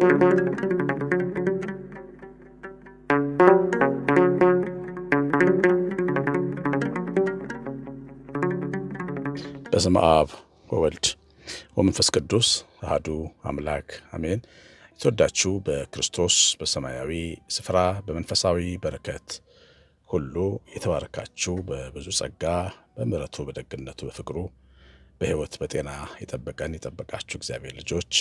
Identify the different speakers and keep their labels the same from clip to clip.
Speaker 1: በስመ አብ ወወልድ ወመንፈስ ቅዱስ አህዱ አምላክ አሜን። የተወዳችሁ በክርስቶስ በሰማያዊ ስፍራ በመንፈሳዊ በረከት ሁሉ የተባረካችሁ በብዙ ጸጋ በምሕረቱ በደግነቱ በፍቅሩ በህይወት በጤና የጠበቀን የጠበቃችሁ እግዚአብሔር ልጆች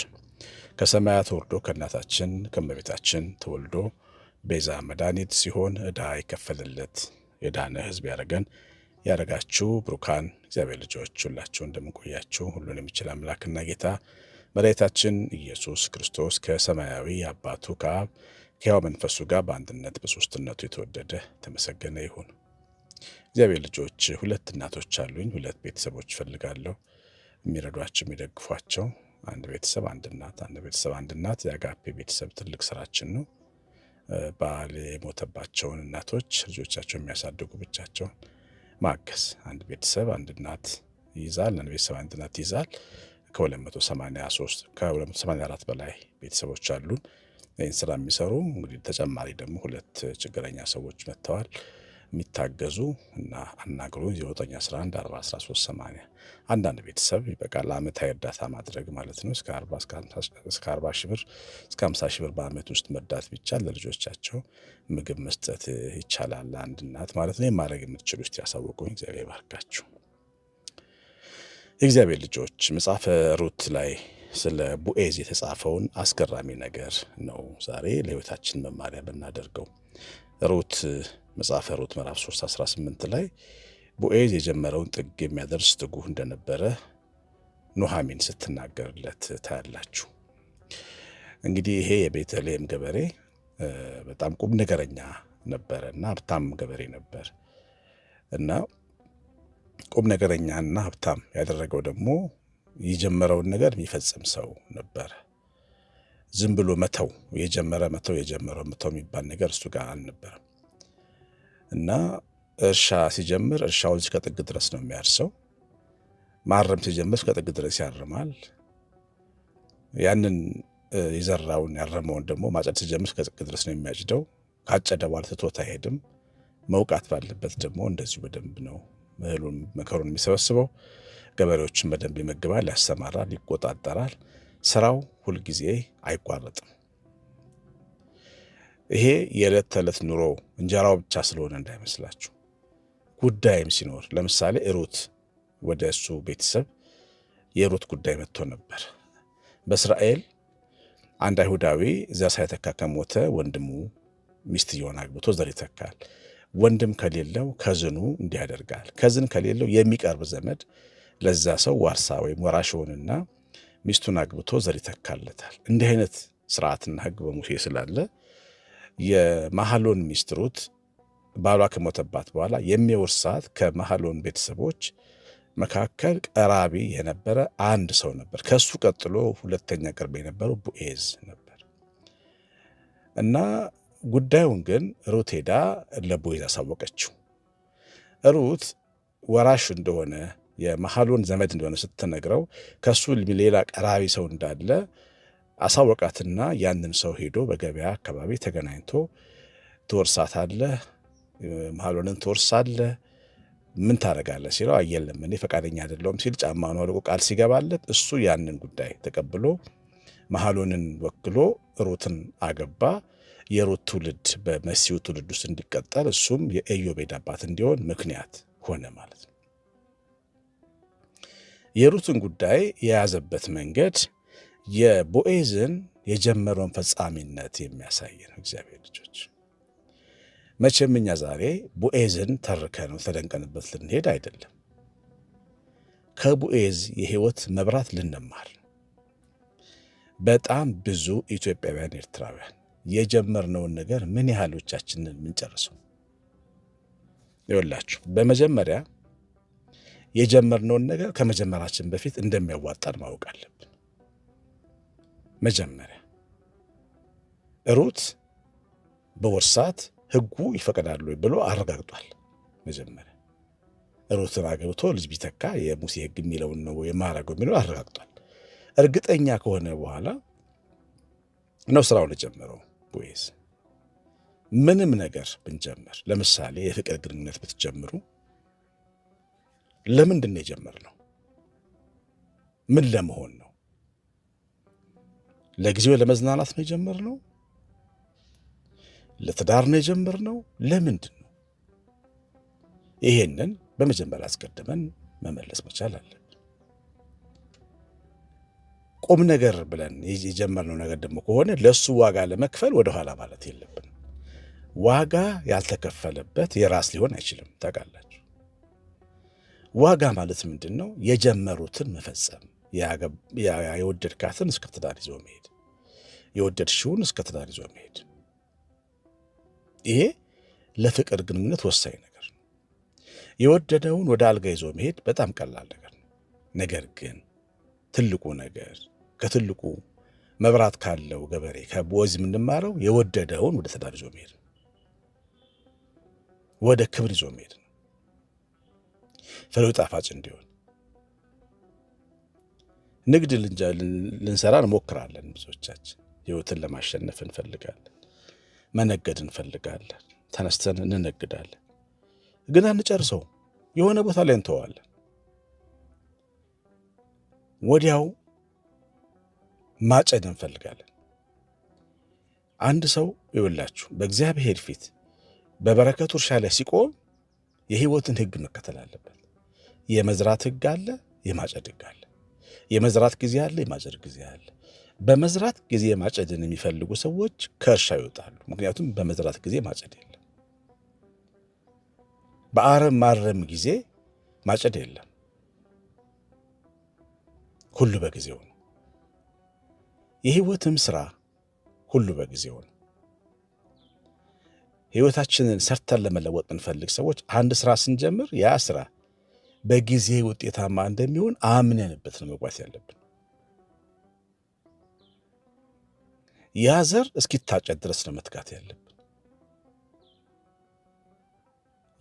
Speaker 1: ከሰማያት ወርዶ ከእናታችን ከእመቤታችን ተወልዶ ቤዛ መድኃኒት ሲሆን ዕዳ የከፈለለት የዳነ ህዝብ ያደረገን ያደረጋችሁ ብሩካን እግዚአብሔር ልጆች ሁላችሁ እንደምንቆያችሁ ሁሉን የሚችል አምላክና ጌታ መድኃኒታችን ኢየሱስ ክርስቶስ ከሰማያዊ አባቱ ከአብ ከሕያው መንፈሱ ጋር በአንድነት በሶስትነቱ የተወደደ ተመሰገነ ይሁን። እግዚአብሔር ልጆች ሁለት እናቶች አሉኝ። ሁለት ቤተሰቦች ፈልጋለሁ የሚረዷቸው የሚደግፏቸው አንድ ቤተሰብ አንድ እናት አንድ ቤተሰብ አንድ እናት የአጋፔ ቤተሰብ ትልቅ ስራችን ነው። ባል የሞተባቸውን እናቶች ልጆቻቸው የሚያሳድጉ ብቻቸውን ማገዝ አንድ ቤተሰብ አንድ እናት ይይዛል። አንድ ቤተሰብ አንድ እናት ይይዛል። ከ283 ከ284 በላይ ቤተሰቦች አሉን ይህን ስራ የሚሰሩ እንግዲህ ተጨማሪ ደግሞ ሁለት ችግረኛ ሰዎች መጥተዋል። የሚታገዙ እና አናግሩን 9114138 አንዳንድ ቤተሰብ ይበቃል ለአመታዊ እርዳታ ማድረግ ማለት ነው። እስከ 40 ሺህ ብር እስከ 50 ሺህ ብር በአመት ውስጥ መርዳት ቢቻል ለልጆቻቸው ምግብ መስጠት ይቻላል። አንድ እናት ማለት ነው። የማድረግ የምትችሉ ውስጥ ያሳወቁኝ። እግዚአብሔር ባርካችሁ። የእግዚአብሔር ልጆች መጽሐፈ ሩት ላይ ስለ ቡኤዝ የተጻፈውን አስገራሚ ነገር ነው ዛሬ ለህይወታችን መማሪያ ብናደርገው ሩት መጽሐፈ ሩት ምዕራፍ 3 18 ላይ ቦኤዝ የጀመረውን ጥግ የሚያደርስ ትጉህ እንደነበረ ኑሃሚን ስትናገርለት ታያላችሁ። እንግዲህ ይሄ የቤተልሔም ገበሬ በጣም ቁም ነገረኛ ነበረ እና ሀብታም ገበሬ ነበር እና ቁም ነገረኛ እና ሀብታም ያደረገው ደግሞ የጀመረውን ነገር የሚፈጽም ሰው ነበረ። ዝም ብሎ መተው የጀመረ መተው የጀመረው መተው የሚባል ነገር እሱ ጋር አልነበረም። እና እርሻ ሲጀምር እርሻው ልጅ ከጥግ ድረስ ነው የሚያርሰው። ማረም ሲጀምር እስከ ጥግ ድረስ ያርማል። ያንን የዘራውን ያረመውን ደግሞ ማጨድ ሲጀምር እስከ ጥግ ድረስ ነው የሚያጭደው። ካጨደ በኋላ ትቶት አይሄድም። መውቃት ባለበት ደግሞ እንደዚሁ በደንብ ነው እህሉን መከሩን የሚሰበስበው። ገበሬዎችን በደንብ ይመግባል፣ ያሰማራል፣ ይቆጣጠራል። ስራው ሁልጊዜ አይቋረጥም። ይሄ የዕለት ተዕለት ኑሮ እንጀራው ብቻ ስለሆነ እንዳይመስላችሁ። ጉዳይም ሲኖር ለምሳሌ ሩት ወደ እሱ ቤተሰብ የሩት ጉዳይ መጥቶ ነበር። በእስራኤል አንድ አይሁዳዊ እዚያ ሳይተካ ከሞተ ወንድሙ ሚስትየውን አግብቶ ዘር ይተካል። ወንድም ከሌለው ከዝኑ እንዲህ ያደርጋል። ከዝን ከሌለው የሚቀርብ ዘመድ ለዛ ሰው ዋርሳ ወይም ወራሽ ይሆንና ሚስቱን አግብቶ ዘር ይተካለታል። እንዲህ አይነት ስርዓትና ህግ በሙሴ ስላለ የማሃሎን ሚስት ሩት ባሏ ከሞተባት በኋላ የሚወርሳት ከማሃሎን ቤተሰቦች መካከል ቀራቢ የነበረ አንድ ሰው ነበር። ከሱ ቀጥሎ ሁለተኛ ቅርብ የነበረው ቡኤዝ ነበር እና ጉዳዩን ግን ሩት ሄዳ ለቡኤዝ አሳወቀችው። ሩት ወራሽ እንደሆነ የመሐሎን ዘመድ እንደሆነ ስትነግረው ከሱ ሌላ ቀራቢ ሰው እንዳለ አሳወቃትና ያንን ሰው ሄዶ በገበያ አካባቢ ተገናኝቶ ትወርሳታለህ፣ ትወርሳ ትወርሳለህ፣ ምን ታደርጋለህ ሲለው አየለም እኔ ፈቃደኛ አይደለሁም ሲል ጫማውን አውልቆ ቃል ሲገባለት እሱ ያንን ጉዳይ ተቀብሎ መሀሎንን ወክሎ ሩትን አገባ። የሩት ትውልድ በመሲሁ ትውልድ ውስጥ እንዲቀጠል እሱም የኢዮቤድ አባት እንዲሆን ምክንያት ሆነ ማለት ነው። የሩትን ጉዳይ የያዘበት መንገድ የቦኤዝን የጀመረውን ፈጻሚነት የሚያሳይ ነው። እግዚአብሔር ልጆች መቼም እኛ ዛሬ ቦኤዝን ተርከነው ተደንቀንበት ልንሄድ አይደለም። ከቦኤዝ የህይወት መብራት ልንማር በጣም ብዙ ኢትዮጵያውያን፣ ኤርትራውያን የጀመርነውን ነገር ምን ያህሎቻችንን ምንጨርሰው ይወላችሁ። በመጀመሪያ የጀመርነውን ነገር ከመጀመራችን በፊት እንደሚያዋጣን ማወቅ አለብን። መጀመሪያ ሩት በወርሳት ሕጉ ይፈቀዳሉ ብሎ አረጋግጧል። መጀመረ ሩትን አገብቶ ልጅ ቢተካ የሙሴ ህግ የሚለውን ነው የማረገው የሚለው አረጋግጧል። እርግጠኛ ከሆነ በኋላ ነው ስራውን የጀመረው። ቦዔዝ ምንም ነገር ብንጀምር፣ ለምሳሌ የፍቅር ግንኙነት ብትጀምሩ ለምንድን ነው የጀመርነው? ምን ለመሆን ለጊዜው ለመዝናናት ነው የጀመርነው? ለትዳር ነው የጀመርነው? ለምንድን ነው? ይሄንን በመጀመሪያ አስቀድመን መመለስ መቻል አለብን። ቁም ነገር ብለን የጀመርነው ነገር ደግሞ ከሆነ ለእሱ ዋጋ ለመክፈል ወደኋላ ማለት የለብን። ዋጋ ያልተከፈለበት የራስ ሊሆን አይችልም። ታውቃላችሁ፣ ዋጋ ማለት ምንድን ነው? የጀመሩትን መፈጸም የወደድካትን እስከ ትዳር ይዞ መሄድ፣ የወደድሽውን እስከ ትዳር ይዞ መሄድ። ይሄ ለፍቅር ግንኙነት ወሳኝ ነገር ነው። የወደደውን ወደ አልጋ ይዞ መሄድ በጣም ቀላል ነገር ነው። ነገር ግን ትልቁ ነገር ከትልቁ መብራት ካለው ገበሬ ከቦዝ የምንማረው የወደደውን ወደ ትዳር ይዞ መሄድ ነው። ወደ ክብር ይዞ መሄድ ነው። ፍሬው ጣፋጭ እንዲሆን ንግድ ልንሰራ እንሞክራለን። ብዙዎቻችን ህይወትን ለማሸነፍ እንፈልጋለን፣ መነገድ እንፈልጋለን፣ ተነስተን እንነግዳለን። ግን አንጨርሰው፣ የሆነ ቦታ ላይ እንተዋለን። ወዲያው ማጨድ እንፈልጋለን። አንድ ሰው ይውላችሁ በእግዚአብሔር ፊት በበረከቱ እርሻ ላይ ሲቆም የህይወትን ህግ መከተል አለበት። የመዝራት ህግ አለ፣ የማጨድ ህግ አለ። የመዝራት ጊዜ አለ፣ የማጨድ ጊዜ አለ። በመዝራት ጊዜ ማጨድን የሚፈልጉ ሰዎች ከእርሻ ይወጣሉ። ምክንያቱም በመዝራት ጊዜ ማጨድ የለም። በአረም ማረም ጊዜ ማጨድ የለም። ሁሉ በጊዜው ነው። የህይወትም ስራ ሁሉ በጊዜው ነው። ህይወታችንን ሰርተን ለመለወጥ የምንፈልግ ሰዎች አንድ ስራ ስንጀምር ያ ስራ በጊዜ ውጤታማ እንደሚሆን አምነንበት ነው መጓዝ ያለብን። ያ ዘር እስኪታጨድ ድረስ ነው መትጋት ያለብን።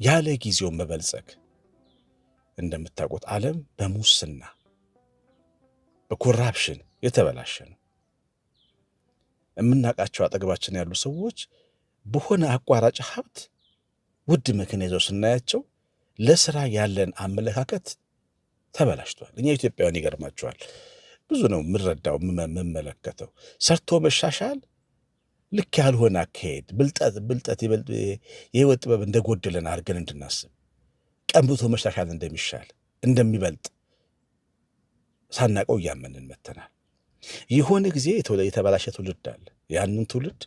Speaker 1: ያለ ጊዜው መበልጸግ እንደምታውቁት ዓለም በሙስና በኮራፕሽን የተበላሸ ነው። የምናውቃቸው አጠገባችን ያሉ ሰዎች በሆነ አቋራጭ ሀብት ውድ መኪና ይዘው ስናያቸው ለስራ ያለን አመለካከት ተበላሽቷል። እኛ ኢትዮጵያውያን ይገርማቸዋል። ብዙ ነው የምረዳው የምመለከተው። ሰርቶ መሻሻል ልክ ያልሆነ አካሄድ፣ ብልጠት ብልጠት የህይወት ጥበብ እንደጎደለን አድርገን እንድናስብ፣ ቀንብቶ መሻሻል እንደሚሻል እንደሚበልጥ ሳናቀው እያመንን መተናል። የሆነ ጊዜ የተበላሸ ትውልድ አለ። ያንን ትውልድ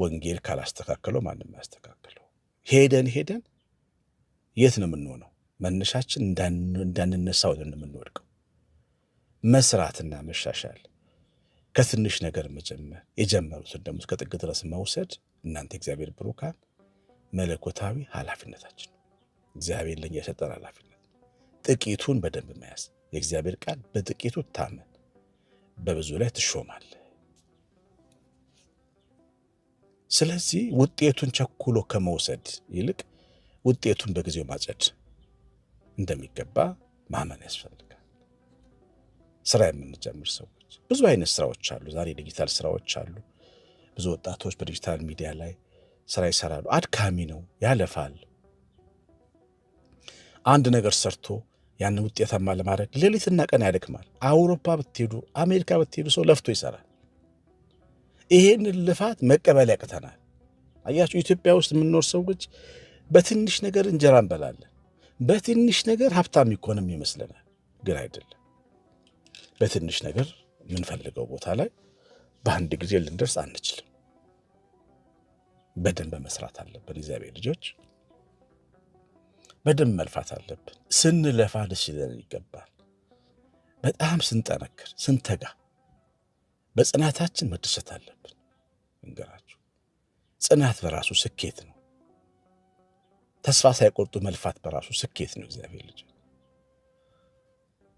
Speaker 1: ወንጌል ካላስተካከለው ማንም አያስተካክለው። ሄደን ሄደን የት ነው የምንሆነው? መነሻችን እንዳንነሳ ወደ የምንወድቀው መስራትና መሻሻል ከትንሽ ነገር መጀመር የጀመሩትን ደግሞ እስከ ጥግ ድረስ መውሰድ እናንተ እግዚአብሔር ብሩካን መለኮታዊ ኃላፊነታችን እግዚአብሔር ለኛ የሰጠን ኃላፊነት ጥቂቱን በደንብ መያዝ። የእግዚአብሔር ቃል በጥቂቱ ታመን በብዙ ላይ ትሾማል። ስለዚህ ውጤቱን ቸኩሎ ከመውሰድ ይልቅ ውጤቱን በጊዜው ማጨድ እንደሚገባ ማመን ያስፈልጋል። ስራ የምንጀምር ሰዎች ብዙ አይነት ስራዎች አሉ። ዛሬ ዲጂታል ስራዎች አሉ። ብዙ ወጣቶች በዲጂታል ሚዲያ ላይ ስራ ይሰራሉ። አድካሚ ነው፣ ያለፋል። አንድ ነገር ሰርቶ ያንን ውጤታማ ለማድረግ ሌሊትና ቀን ያደክማል። አውሮፓ ብትሄዱ፣ አሜሪካ ብትሄዱ ሰው ለፍቶ ይሰራል። ይሄን ልፋት መቀበል ያቅተናል። አያችሁ፣ ኢትዮጵያ ውስጥ የምንኖር ሰዎች በትንሽ ነገር እንጀራ እንበላለን። በትንሽ ነገር ሀብታም ይኮንም ይመስለናል፣ ግን አይደለም። በትንሽ ነገር የምንፈልገው ቦታ ላይ በአንድ ጊዜ ልንደርስ አንችልም። በደንብ መስራት አለብን። እግዚአብሔር ልጆች በደንብ መልፋት አለብን። ስንለፋ ደስ ይለን ይገባል። በጣም ስንጠነክር ስንተጋ በጽናታችን መደሰት አለብን። እንገራችሁ ጽናት በራሱ ስኬት ነው። ተስፋ ሳይቆርጡ መልፋት በራሱ ስኬት ነው። እግዚአብሔር ልጅ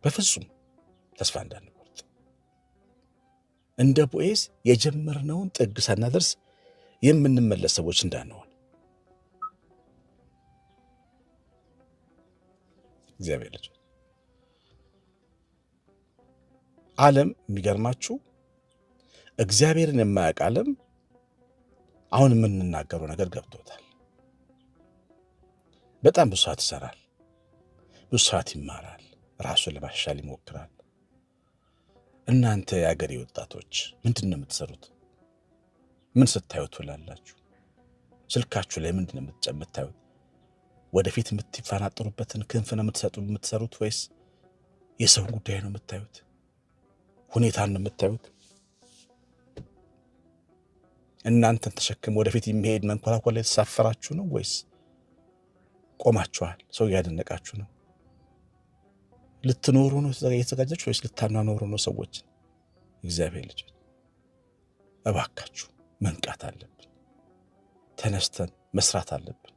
Speaker 1: በፍጹም ተስፋ እንዳንቆርጥ እንደ ቦኤዝ የጀመርነውን ጥግ ሳናደርስ የምንመለስ ሰዎች እንዳንሆን እግዚአብሔር ልጅ ዓለም የሚገርማችሁ እግዚአብሔርን የማያውቅ ዓለም አሁን የምንናገረው ነገር ገብቶታል። በጣም ብዙ ሰዓት ይሰራል፣ ብዙ ሰዓት ይማራል፣ ራሱን ለማሻል ይሞክራል። እናንተ የአገሬ ወጣቶች ምንድን ነው የምትሰሩት? ምን ስታዩ ትውላላችሁ? ስልካችሁ ላይ ምንድን ነው የምታዩት? ወደፊት የምትፈናጠሩበትን ክንፍ ነው የምትሰጡ የምትሰሩት ወይስ የሰው ጉዳይ ነው የምታዩት? ሁኔታን ነው የምታዩት? እናንተን ተሸክም ወደፊት የሚሄድ መንኮራኮር ላይ ተሳፈራችሁ ነው ወይስ ቆማችኋል። ሰው እያደነቃችሁ ነው። ልትኖሩ ነው የተዘጋጃችሁ ወይስ ልታናኖሩ ነው ሰዎችን? እግዚአብሔር ልጅ እባካችሁ መንቃት አለብን። ተነስተን መስራት አለብን።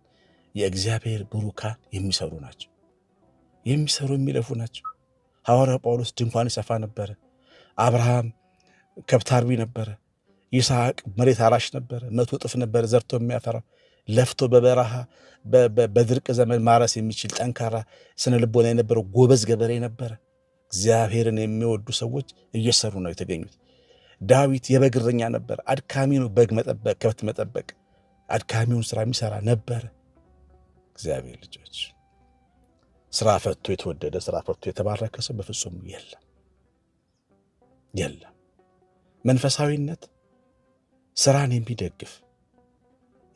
Speaker 1: የእግዚአብሔር ብሩካን የሚሰሩ ናቸው፣ የሚሰሩ የሚለፉ ናቸው። ሐዋርያው ጳውሎስ ድንኳን ይሰፋ ነበረ። አብርሃም ከብት አርቢ ነበረ። ይስሐቅ መሬት አራሽ ነበረ። መቶ እጥፍ ነበረ ዘርቶ የሚያፈራው ለፍቶ በበረሃ በድርቅ ዘመን ማረስ የሚችል ጠንካራ ስነ ልቦና የነበረው ጎበዝ ገበሬ ነበረ። እግዚአብሔርን የሚወዱ ሰዎች እየሰሩ ነው የተገኙት። ዳዊት የበግ እረኛ ነበር። አድካሚ ነው በግ መጠበቅ፣ ከብት መጠበቅ፣ አድካሚውን ስራ የሚሰራ ነበረ። እግዚአብሔር ልጆች ስራ ፈቶ የተወደደ ስራ ፈቶ የተባረከ ሰው በፍጹም የለም የለም። መንፈሳዊነት ስራን የሚደግፍ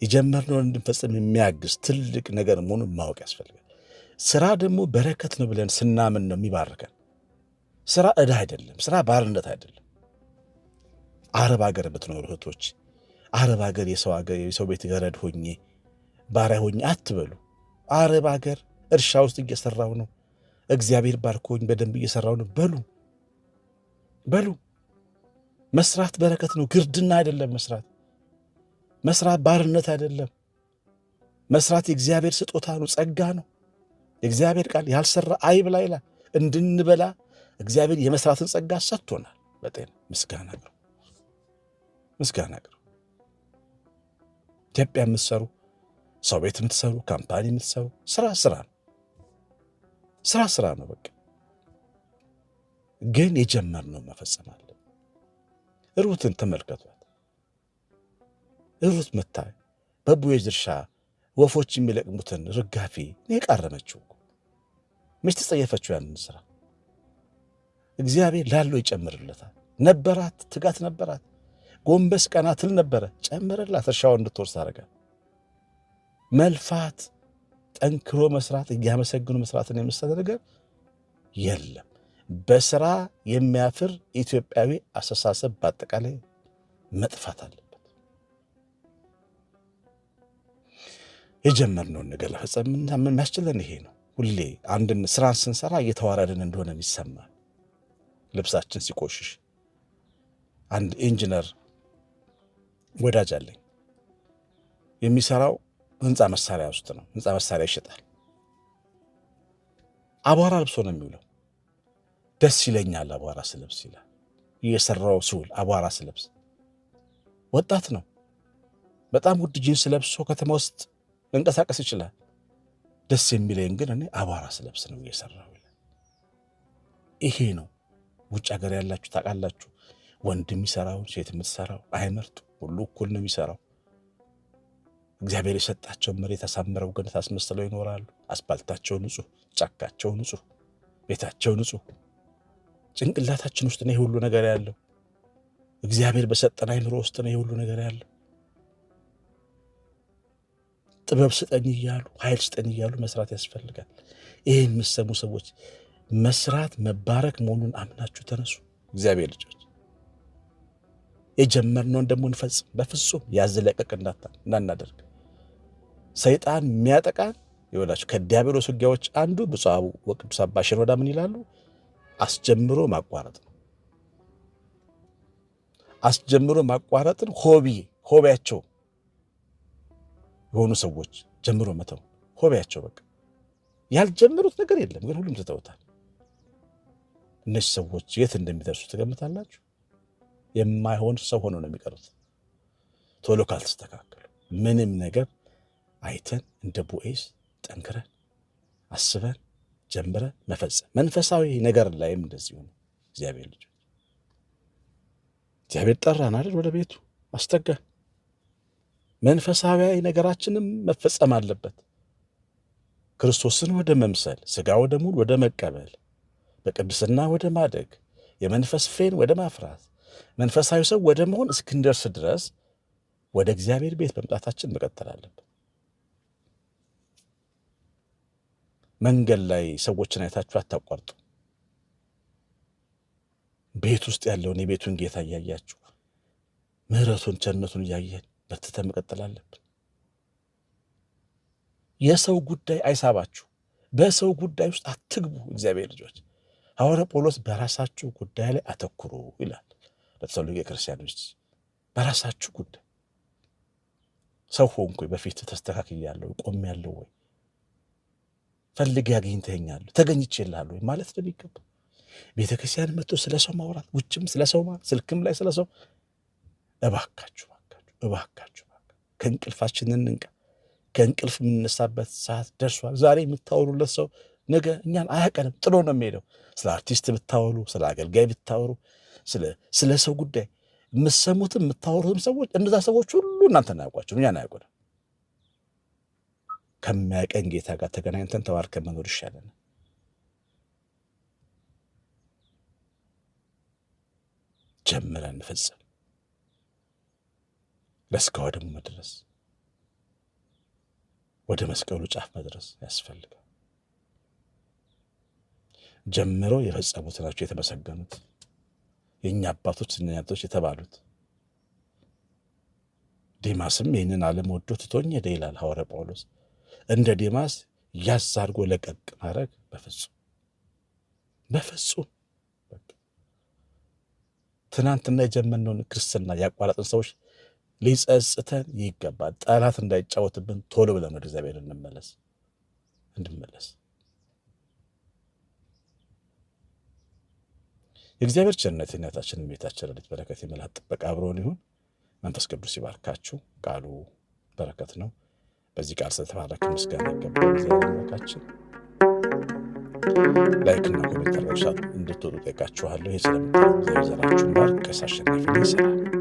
Speaker 1: የጀመርነውን እንድንፈጽም የሚያግዝ ትልቅ ነገር መሆኑን ማወቅ ያስፈልጋል። ስራ ደግሞ በረከት ነው ብለን ስናምን ነው የሚባርከን። ስራ ዕዳ አይደለም። ስራ ባርነት አይደለም። አረብ ሀገር የምትኖሩ እህቶች፣ አረብ ሀገር የሰው የሰው ቤት ገረድ ሆኜ ባሪያ ሆኜ አትበሉ። አረብ ሀገር እርሻ ውስጥ እየሰራው ነው እግዚአብሔር ባርኮኝ በደንብ እየሰራው ነው በሉ በሉ። መስራት በረከት ነው፣ ግርድና አይደለም መስራት መስራት ባርነት አይደለም። መስራት የእግዚአብሔር ስጦታ ነው፣ ጸጋ ነው። የእግዚአብሔር ቃል ያልሰራ አይብላ ይላል። እንድንበላ እግዚአብሔር የመስራትን ጸጋ ሰጥቶናል። በጤና ምስጋና ቅሩ፣ ምስጋና ቅሩ። ኢትዮጵያ የምትሰሩ ሰው ቤት የምትሰሩ ካምፓኒ የምትሰሩ ስራ ስራ ነው፣ ስራ ስራ ነው። በቃ ግን የጀመርነው መፈጸም አለ። ሩትን ተመልከቷል። ሩት መታ በቡዮች ድርሻ ወፎች የሚለቅሙትን ርጋፊ የቃረመችው። መች ተጸየፈችው? ያንን ስራ እግዚአብሔር ላለው ይጨምርለታል። ነበራት፣ ትጋት ነበራት። ጎንበስ ቀና ትል ነበረ፣ ጨምርላት። እርሻውን እንድትወርስ አረጋ። መልፋት፣ ጠንክሮ መስራት፣ እያመሰግኑ መስራትን የመሰለ ነገር የለም። በስራ የሚያፍር ኢትዮጵያዊ አስተሳሰብ በአጠቃላይ መጥፋት አለ። የጀመርነውን ነገር ለፈጸም የሚያስችለን ይሄ ነው። ሁሌ አንድን ስራን ስንሰራ እየተዋረድን እንደሆነ የሚሰማ ልብሳችን ሲቆሽሽ አንድ ኢንጂነር ወዳጅ አለኝ። የሚሰራው ህንፃ መሳሪያ ውስጥ ነው። ህንፃ መሳሪያ ይሸጣል። አቧራ ልብሶ ነው የሚውለው። ደስ ይለኛል አቧራ ስለብስ ይላል። እየሰራው ስውል አቧራ ስለብስ ወጣት ነው። በጣም ውድ ጂንስ ለብሶ ከተማ ውስጥ ልንቀሳቀስ ይችላል። ደስ የሚለኝ ግን እኔ አቧራ ስለብስ ነው እየሰራው ይሄ ነው ውጭ ሀገር ያላችሁ ታውቃላችሁ። ወንድ የሚሰራውን ሴት የምትሰራው አይመርጡ ሁሉ እኩል ነው የሚሰራው። እግዚአብሔር የሰጣቸውን መሬት አሳምረው ግን አስመስለው ይኖራሉ። አስፓልታቸው ንጹህ፣ ጫካቸው ንጹህ፣ ቤታቸው ንጹህ። ጭንቅላታችን ውስጥ ነው ሁሉ ነገር ያለው። እግዚአብሔር በሰጠን አይምሮ ውስጥ ነው ሁሉ ነገር ያለው። ጥበብ ስጠኝ እያሉ ኃይል ስጠኝ እያሉ መስራት ያስፈልጋል። ይህ የምሰሙ ሰዎች መስራት መባረክ መሆኑን አምናችሁ ተነሱ። እግዚአብሔር ልጆች የጀመርነውን ደግሞ እንፈጽም። በፍጹም ያዘለቀቅ እንዳናደርግ ሰይጣን የሚያጠቃን ይሆናችሁ። ከዲያብሎስ ውጊያዎች አንዱ ብፁዕ ወቅዱስ አባ ሽኖዳ ምን ይላሉ? አስጀምሮ ማቋረጥ ነው። አስጀምሮ ማቋረጥን ሆቢ ሆቢያቸው የሆኑ ሰዎች ጀምሮ መተው ሆቢያቸው በቃ ያልጀመሩት ነገር የለም፣ ግን ሁሉም ትተውታል። እነዚህ ሰዎች የት እንደሚደርሱ ትገምታላችሁ? የማይሆን ሰው ሆኖ ነው የሚቀሩት። ቶሎ ካልተስተካከሉ ምንም ነገር አይተን እንደ ቦኤዝ ጠንክረን አስበን ጀምረን መፈጸም መንፈሳዊ ነገር ላይም እንደዚሁ ነው። እግዚአብሔር ልጅ እግዚአብሔር ጠራን አይደል? ወደ ቤቱ አስጠጋን። መንፈሳዊ ነገራችንም መፈጸም አለበት። ክርስቶስን ወደ መምሰል ሥጋ ወደሙን ወደ መቀበል በቅድስና ወደ ማደግ የመንፈስ ፍሬን ወደ ማፍራት መንፈሳዊ ሰው ወደ መሆን እስክንደርስ ድረስ ወደ እግዚአብሔር ቤት መምጣታችን መቀጠል አለበት። መንገድ ላይ ሰዎችን አይታችሁ አታቋርጡ። ቤት ውስጥ ያለውን የቤቱን ጌታ እያያችሁ ምሕረቱን ቸርነቱን እያየን በርትተን መቀጠል አለብን። የሰው ጉዳይ አይሳባችሁ። በሰው ጉዳይ ውስጥ አትግቡ። እግዚአብሔር ልጆች፣ ሐዋርያ ጳውሎስ በራሳችሁ ጉዳይ ላይ አተኩሩ ይላል ለተሰሎንቄ ክርስቲያኖች። በራሳችሁ ጉዳይ ሰው ሆንኩ በፊት ተስተካክያለሁ፣ ያለው ወይ ፈልጌ አግኝተኸኛለሁ፣ ተገኝቼልሃለሁ ወይ ማለት ነው የሚገባው። ቤተ ክርስቲያን መጥቶ ስለ ሰው ማውራት፣ ውጭም ስለ ሰው ስልክም ላይ ስለ ሰው እባካችሁ እባካችሁ ከእንቅልፋችን እንንቃ። ከእንቅልፍ የምንነሳበት ሰዓት ደርሷል። ዛሬ የምታወሩለት ሰው ነገ እኛን አያቀንም፣ ጥሎ ነው የሚሄደው። ስለ አርቲስት ብታወሩ፣ ስለ አገልጋይ ብታወሩ፣ ስለ ሰው ጉዳይ የምትሰሙትም የምታወሩትም ሰዎች እነዛ ሰዎች ሁሉ እናንተን አያውቋቸው፣ እኛን አያውቁንም። ከሚያቀን ጌታ ጋር ተገናኝተን ተባርከን መኖር ይሻለን። ጀምረን እንፈጽም። ለስጋ ወደሙ መድረስ ወደ መስቀሉ ጫፍ መድረስ ያስፈልጋል። ጀምሮ የፈጸሙት ናቸው የተመሰገኑት የእኛ አባቶች እናቶች የተባሉት። ዴማስም ይህንን ዓለም ወዶ ትቶኝ ሄደ ይላል ሐዋርያ ጳውሎስ። እንደ ዴማስ ያዝ አድርጎ ለቀቅ ማድረግ በፍጹም በፍጹም። ትናንትና የጀመርነውን ክርስትና ያቋረጥን ሰዎች ሊጸጽተን ይገባል። ጠላት እንዳይጫወትብን ቶሎ ብለን ወደ እግዚአብሔር እንመለስ እንድመለስ የእግዚአብሔር ቸርነት እናታችን ቤታችን ረድኤት በረከት የመላት ጥበቃ አብሮን ይሁን። መንፈስ ቅዱስ ይባርካችሁ። ቃሉ በረከት ነው። በዚህ ቃል ስለተባረክ ምስጋና ይገባ እግዚአብሔር አምላካችን። ላይክና ኮሜንት አድርጋችሁ እንድትወጡ ጠይቃችኋለሁ። ይህ ስለምታ ዘራችሁን ባርክ ቀሲስ አሸናፊ ይሰራል።